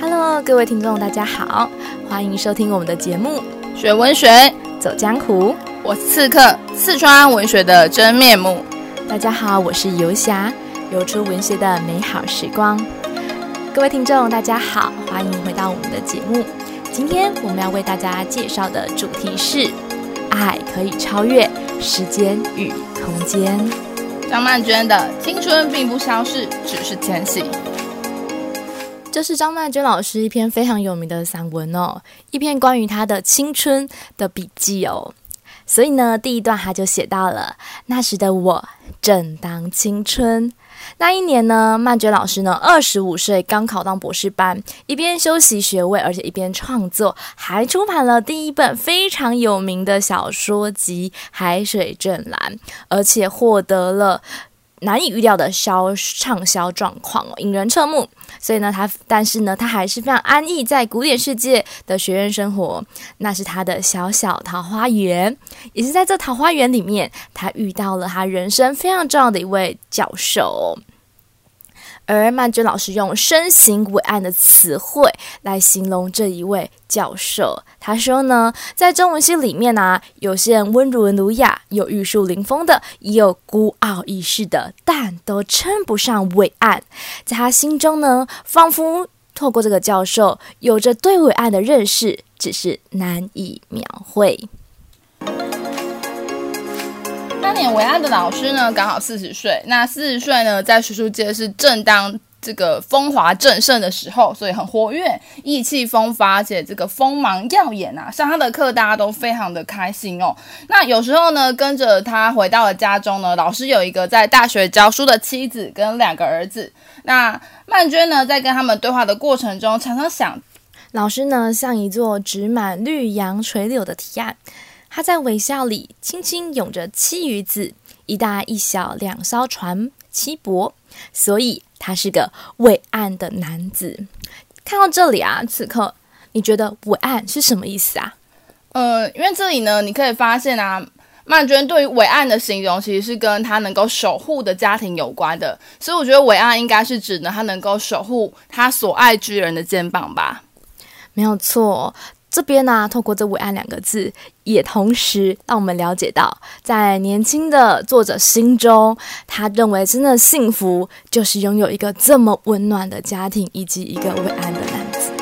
Hello，各位聽眾，大家好，歡迎收聽我們的節目《學文學走江湖》。我是刺客，四川文學的真面目。大家好，我是游俠，游出文學的美好時光。各位聽眾，大家好，歡迎回到我們的節目。今天我們要為大家介紹的主題是：愛可以超越時間與空間。張曼娟的《青春並不消逝，只是遷徙》。這是張曼娟老師一篇非常有名的散文哦，一篇關於她的青春的筆記哦。所以呢，第一段她就寫到了，那時的我正當青春。那一年呢，曼娟老師呢，二十五歲，剛考到博士班，一邊修習學位，而且一邊創作，還出版了第一本非常有名的小說集《海水正藍》，而且獲得了。難以預料的銷暢銷狀況哦，引人側目。所以呢，他但是呢，他還是非常安逸在古典世界的學院生活，那是他的小小桃花源。也是在這桃花源裡面，他遇到了他人生非常重要的一位教授。而曼娟老師用“身形偉岸”的詞彙來形容這一位教授。他說呢，在中文系裡面啊，有些人溫文儒雅，有玉樹臨風的，也有孤傲一世的，但都稱不上偉岸。在他心中呢，仿佛透過這個教授，有着對偉岸的認識，只是難以描繪。當年為岸的老師呢，剛好四十歲。那四十歲呢，在學術界是正當這個風華正盛的時候，所以很活躍，意氣風發，而且這個鋒芒耀眼啊！上他的課，大家都非常的開心哦。那有時候呢，跟着他回到了家中呢，老師有一個在大學教書的妻子跟兩個兒子。那曼娟呢，在跟他們對話的過程中，常常想，老師呢，像一座植滿綠楊垂柳的堤岸。他在微笑裡輕輕擁着妻與子，一大一小兩艘船，齊泊，所以他是個偉岸的男子。看到這裡啊，此刻你覺得偉岸是什麼意思啊？呃，因為這裡呢，你可以發現啊，曼娟對於偉岸的形容，其實是跟他能夠守護的家庭有關的。所以我覺得偉岸應該是指呢，他能夠守護他所愛之人的肩膀吧？沒有錯。這邊呢、啊，透過這“偉岸”兩個字，也同時讓我們了解到，在年輕的作者心中，他認為真的幸福就是擁有一個這麼溫暖的家庭以及一個偉岸的男子。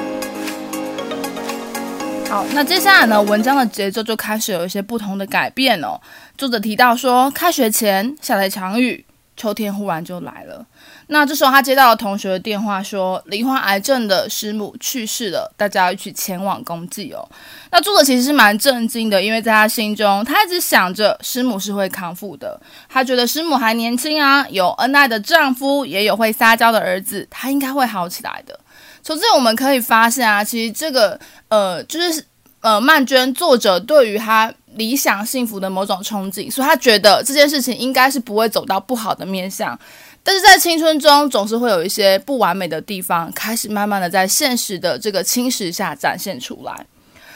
好，那接下來呢，文章的節奏就開始有一些不同的改變了、哦。作者提到說，開學前下了一場雨，秋天忽然就來了。那這時候，他接到了同學的電話說，說罹患癌症的師母去世了，大家要一起前往公祭哦。那作者其實是蠻震驚的，因為在他心中，他一直想着師母是會康復的。他覺得師母還年輕啊，有恩愛的丈夫，也有會撒嬌的兒子，他應該會好起來的。從這我們可以發現啊，其實這個呃，就是呃，曼娟作者對於他理想幸福的某種憧憬，所以他覺得這件事情應該是不會走到不好的面向。但是在青春中，總是會有一些不完美的地方，開始慢慢的在現實的這個侵蝕下展現出來。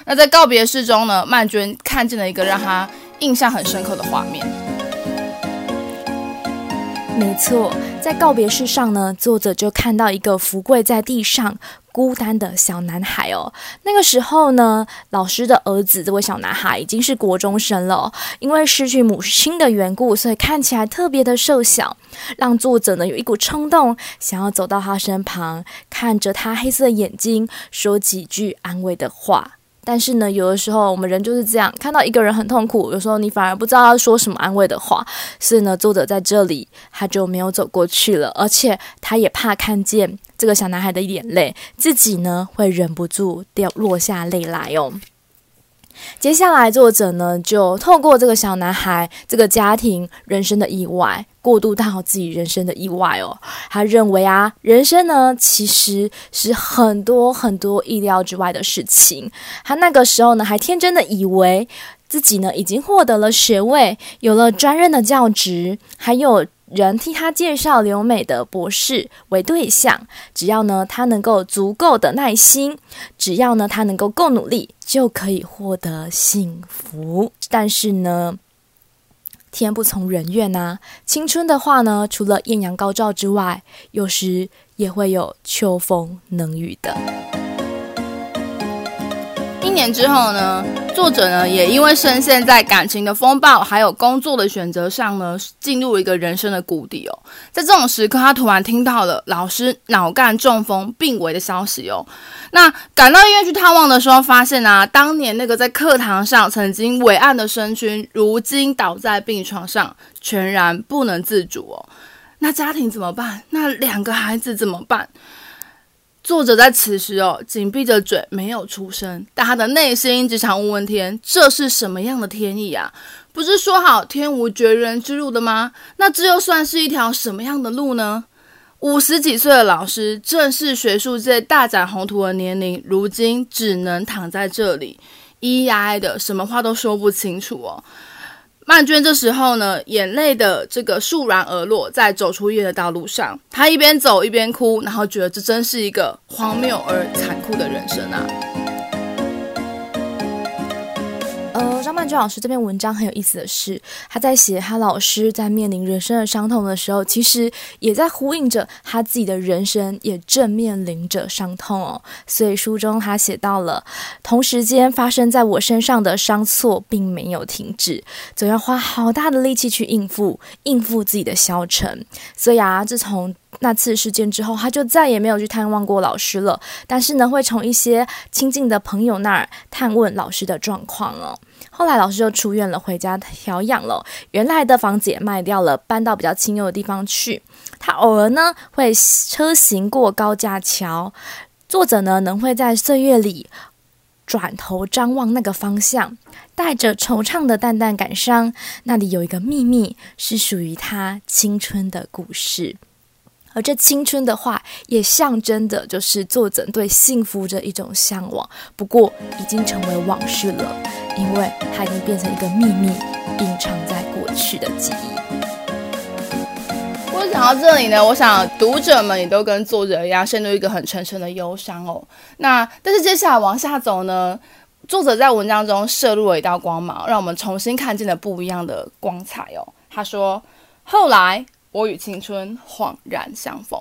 那在告別式中呢，曼娟看見了一個讓她印象很深刻的畫面。沒錯，在告別式上呢，作者就看到一個婦跪在地上。孤單的小男孩哦，那個時候呢，老師的兒子，這位小男孩已經是國中生了，因為失去母親的緣故，所以看起來特別的瘦小，讓作者呢有一股衝動，想要走到他身旁，看着他黑色的眼睛，說幾句安慰的話。但是呢，有的時候我們人就是這樣，看到一個人很痛苦，有時候你反而不知道要說什麼安慰的話。所以呢，作者在這裡他就沒有走過去了，而且他也怕看見這個小男孩的眼淚，自己呢會忍不住掉落下淚來哦。接下來，作者呢就透過這個小男孩這個家庭人生的意外。過度到好自己人生的意外哦，他認為啊，人生呢其實是很多很多意料之外的事情。他那個時候呢還天真的以為自己呢已經獲得了學位，有了專任的教職，還有人替他介紹留美的博士為對象。只要呢他能夠有足夠的耐心，只要呢他能夠夠努力，就可以獲得幸福。但是呢。天不從人願吶，啊！青春的話呢，除了豔陽高照之外，有時也會有秋風冷雨的。一年之後呢，作者呢，也因為深陷在感情的風暴，還有工作的選擇上呢，進入一個人生的谷底哦。在這種時刻，他突然聽到了老師腦幹中風病危的消息哦。那趕到醫院去探望的時候，發現啊，當年那個在課堂上曾經偉岸的身軀，如今倒在病床上，全然不能自主哦。那家庭怎麼辦？那兩個孩子怎麼辦？作者在此時哦，緊閉着嘴，沒有出聲，但他的內心只想問問天，這是什麼樣的天意啊？不是說好天無絕人之路的嗎？那這又算是一條什麼樣的路呢？五十幾歲的老師，正是學術界大展宏圖的年齡，如今只能躺在這裡，咿咿呀呀的，什麼話都說不清楚哦。曼娟這時候呢，眼淚的這個簌然而落，在走出醫院的道路上，她一邊走一邊哭，然後覺得這真是一個荒謬而殘酷的人生啊。呃張曼娟老師這篇文章很有意思的是，他在寫他老師在面臨人生的傷痛的時候，其實也在呼應着他自己的人生也正面臨着傷痛哦。所以書中他寫到了，同時間發生在我身上的傷錯並沒有停止，總要花好大的力氣去應付應付自己的消沉。所以啊，自從那次事件之後，他就再也沒有去探望過老師了，但是呢，會從一些親近的朋友那兒探問老師的狀況哦。後來老師就出院了，回家調養了。原來的房子也賣掉了，搬到比較清幽的地方去。他偶爾呢，會車行過高架橋，作者呢，能會在歲月裡轉頭張望那個方向，帶着惆悵的淡淡感傷。那裡有一個秘密，是屬於他青春的故事。而這青春的話，也象徵著，就是作者對幸福的一種嚮往。不過，已經成為往事了，因為它已經變成一個秘密，隱藏在過去的記憶。我想到這裡呢，我想讀者們也都跟作者一樣陷入一個很沉沉的憂傷哦。那但是接下來往下走呢，作者在文章中射入了一道光芒，讓我們重新看見了不一樣的光彩哦。他說：“後來。”我與青春恍然相逢，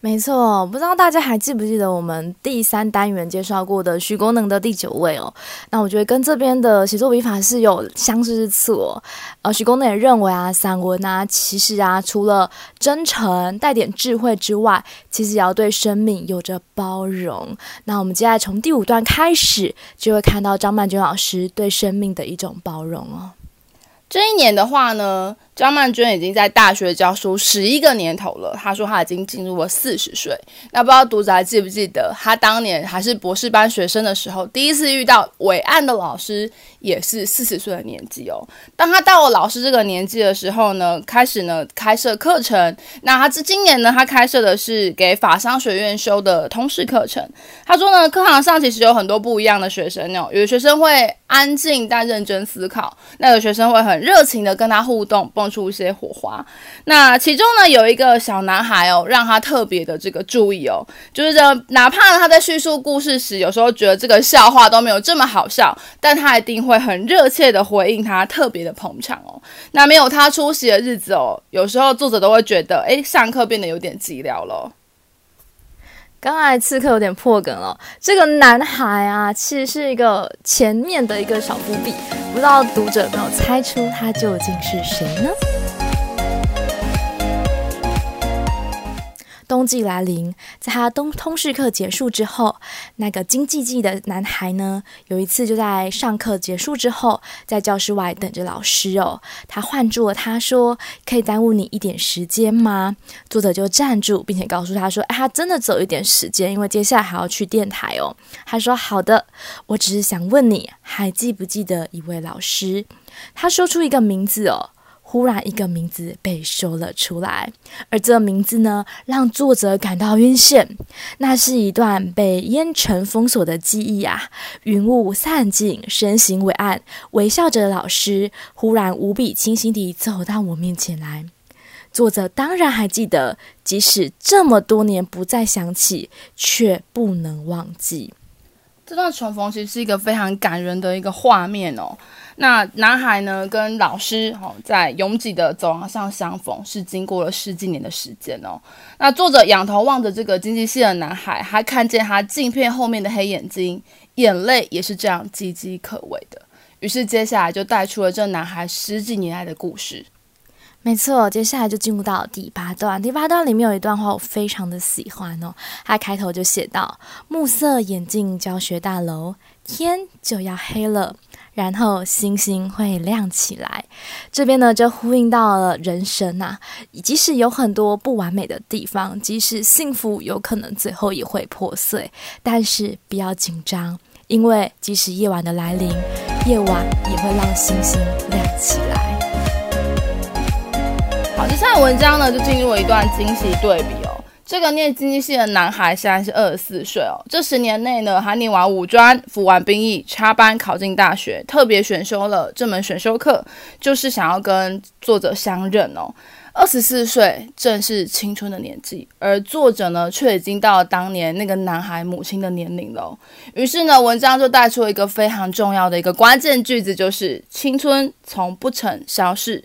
沒錯，不知道大家還記不記得我們第三單元介紹過的徐國能的第九味哦。那我覺得跟這邊的寫作筆法是有相似之處、哦。呃，徐國能也認為啊，散文啊，其實啊，除了真誠帶點智慧之外，其實也要對生命有着包容。那我們接下來從第五段開始，就會看到張曼娟老師對生命的一種包容哦。這一年的話呢？張曼娟已經在大學教書十一個年頭了。他說他已經進入了四十歲。那不知道讀者還記不記得，他當年還是博士班學生的時候，第一次遇到偉岸的老師也是四十歲的年紀哦。當他到了老師這個年紀的時候呢，開始呢開設課程。那他這今年呢，他開設的是給法商學院修的通識課程。他說呢，課堂上其實有很多不一樣的學生哦。有的學生會安靜但認真思考，那有學生會很熱情的跟他互動，蹦出一些火花，那其中呢有一個小男孩哦，讓他特別的這個注意哦，就是這哪怕他在敘述故事時，有時候覺得這個笑話都沒有這麼好笑，但他一定會很熱切的回應他，特別的捧場哦。那沒有他出席的日子哦，有時候作者都會覺得，誒，上課變得有點寂寥了咯。剛才刺客有點破梗了。這個男孩啊，其實是一個前面的一個小伏筆，不知道讀者有沒有猜出他究竟是誰呢？冬季來臨，在他冬通識課結束之後，那個經濟系的男孩呢，有一次就在上課結束之後，在教室外等着老師哦。他喚住了他，說：“可以耽誤你一點時間嗎？”作者就站住，並且告訴他說：“哎，他真的只有一點時間，因為接下來還要去電臺哦。”他說：“好的，我只是想問你還記不記得一位老師。”他說出一個名字哦。忽然，一個名字被說了出來，而這名字呢，讓作者感到暈眩。那是一段被煙塵封鎖的記憶啊！雲霧散盡，身形偉岸，微笑着的老師忽然無比清晰地走到我面前來。作者當然還記得，即使這麼多年不再想起，卻不能忘記。這段重逢其實是一個非常感人的一個畫面哦。那男孩呢？跟老師哦，在擁擠的走廊上相逢，是經過了十幾年的時間哦。那作者仰頭望着這個經濟系的男孩，他看見他鏡片後面的黑眼睛，眼淚也是這樣岌岌可危的。於是接下來就帶出了這男孩十幾年來的故事。沒錯，接下來就進入到第八段。第八段裡面有一段話，我非常的喜歡哦。他開頭就寫到：暮色，眼鏡，教學大樓，天就要黑了。然後星星會亮起來，這邊呢就呼應到了人生吶、啊，即使有很多不完美的地方，即使幸福有可能最後也會破碎，但是不要緊張，因為即使夜晚的來臨，夜晚也會讓星星亮起來。好，接下來文章呢就進入一段今昔對比、哦。這個念經濟系的男孩現在是二十四歲哦。這十年內呢，還念完五專，服完兵役，插班考進大學，特別選修了這門選修課，就是想要跟作者相認哦。二十四歲正是青春的年紀，而作者呢，卻已經到了當年那個男孩母親的年齡了哦。於是呢，文章就帶出了一個非常重要的一個關鍵句子，就是青春從不曾消逝，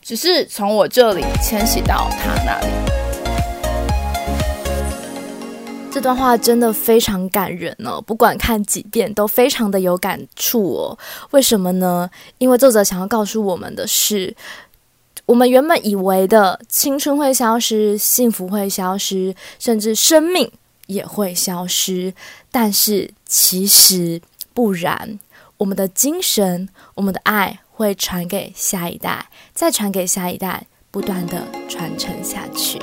只是從我這裡遷徙到他那裡。這段話真的非常感人哦，不管看幾遍都非常的有感觸哦。為什麼呢？因為作者想要告訴我們的是，我們原本以為的青春會消失，幸福會消失，甚至生命也會消失，但是其實不然，我們的精神，我們的愛會傳給下一代，再傳給下一代，不斷的傳承下去。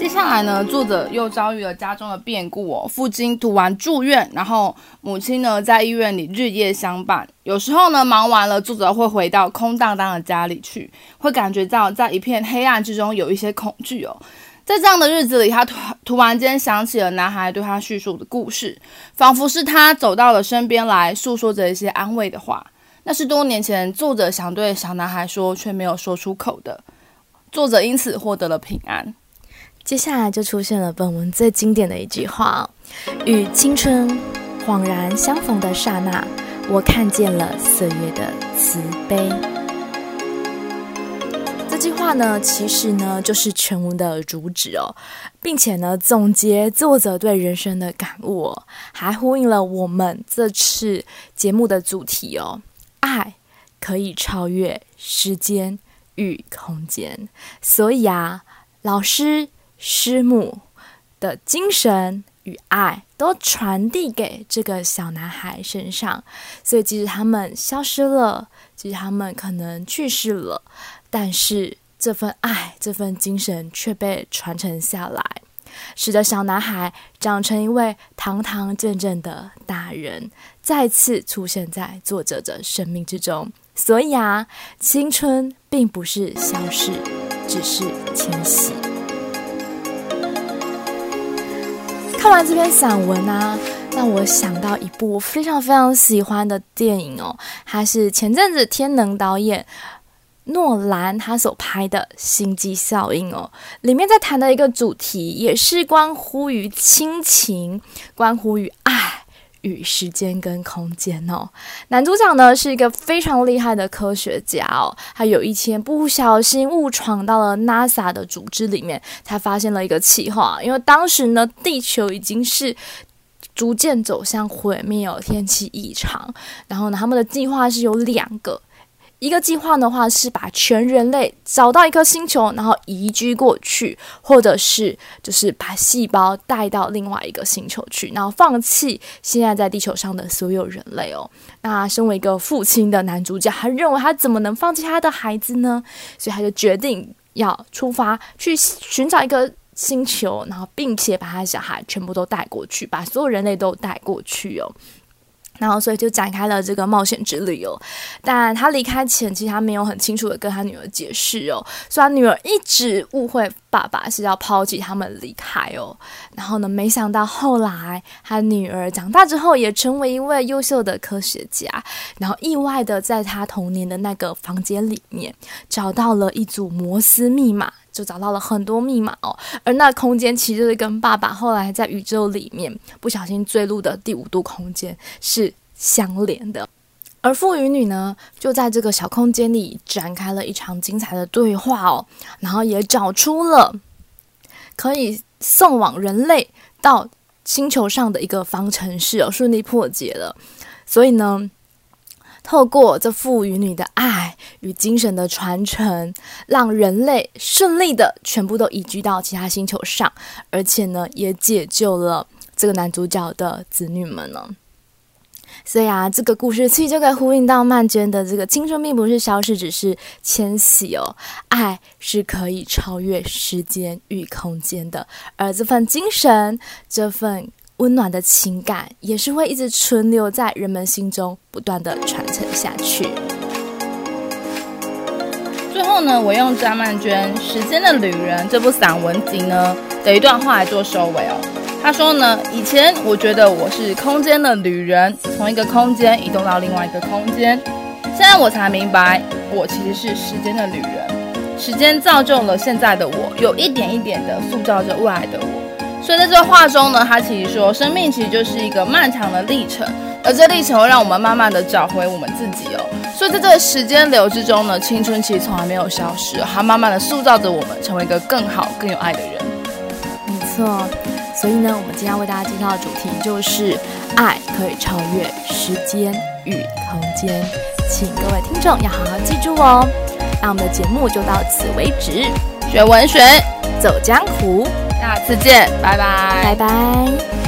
接下來呢，作者又遭遇了家中的變故哦，父親突然住院，然後母親呢在醫院裡日夜相伴。有時候呢，忙完了，作者會回到空荡荡的家裡去，會感覺到在一片黑暗之中有一些恐懼哦。在這樣的日子裡，他突突然間想起了男孩對他敘述的故事，仿佛是他走到了身邊來，訴說着一些安慰的話。那是多年前作者想對小男孩說卻沒有說出口的。作者因此獲得了平安。接下來就出現了本文最經典的一句話：“與青春恍然相逢的剎那，我看見了歲月的慈悲。”這句話呢，其實呢就是全文的主旨哦，並且呢總結作者對人生的感悟哦，還呼應了我們這次節目的主題哦。愛可以超越時間與空間，所以啊，老師。師母的精神與愛都傳遞給這個小男孩身上，所以即使他們消失了，即使他們可能去世了，但是這份愛、這份精神卻被傳承下來，使得小男孩長成一位堂堂正正的大人，再次出現在作者的生命之中。所以啊，青春並不是消逝，只是遷徙。看完這篇散文呢、啊，讓我想到一部我非常非常喜歡的電影哦，它是前陣子天能導演諾蘭他所拍的《星際效應》哦，裡面在談的一個主題也是關乎於親情，關乎於愛。與時間跟空間哦，男主角呢是一個非常厲害的科學家哦，他有一天不小心誤闖到了 NASA 的組織裡面，他發現了一個氣候啊，因為當時呢地球已經是逐漸走向毀滅哦，天氣異常，然後呢他們的計劃是有兩個。一個計劃的話是把全人類找到一顆星球，然後移居過去，或者是就是把細胞帶到另外一個星球去，然後放棄現在在地球上的所有人類哦。那身為一個父親的男主角，他認為他怎麼能放棄他的孩子呢？所以他就決定要出發去尋找一個星球，然後並且把他的小孩全部都帶過去，把所有人類都帶過去哦。然後，所以就展開了這個冒險之旅哦。但他離開前，其實他沒有很清楚的跟他女兒解釋哦。雖然女兒一直誤會爸爸是要拋棄他們離開哦。然後呢，沒想到後來他女兒長大之後，也成為一位優秀的科學家。然後意外的在他童年的那個房間裡面，找到了一組摩斯密碼。就找到了很多密碼哦，而那空間其實是跟爸爸後來在宇宙裡面不小心墜入的第五度空間是相連的，而父與女呢，就在這個小空間裡展開了一場精彩的對話哦，然後也找出了可以送往人類到星球上的一個方程式哦，順利破解了，所以呢，透過這父與女的愛。與精神的傳承，讓人類順利的全部都移居到其他星球上，而且呢，也解救了這個男主角的子女們呢。所以啊，這個故事其實就可以呼應到曼娟的這個青春，並不是消失，只是遷徙哦。愛是可以超越時間與空間的，而這份精神、這份溫暖的情感，也是會一直存留在人們心中，不斷的傳承下去。最後呢，我用張曼娟《時間的旅人》這部散文集呢的一段話來做收尾哦。他說呢，以前我覺得我是空間的旅人，從一個空間移動到另外一個空間。現在我才明白，我其實是時間的旅人，時間造就了現在的我，有一點一點的塑造着未來的我。所以在這話中呢，他其實說，生命其實就是一個漫長的歷程。而這歷程會讓我們慢慢的找回我們自己哦，所以在這個時間流之中呢，青春期從來沒有消失，它慢慢的塑造着我們，成為一個更好、更有愛的人。沒錯，所以呢，我們今天要為大家介紹的主題就是愛可以超越時間與空間，請各位聽眾要好好記住哦。那我們的節目就到此為止，學文學，走江湖，下次見，拜拜，拜拜。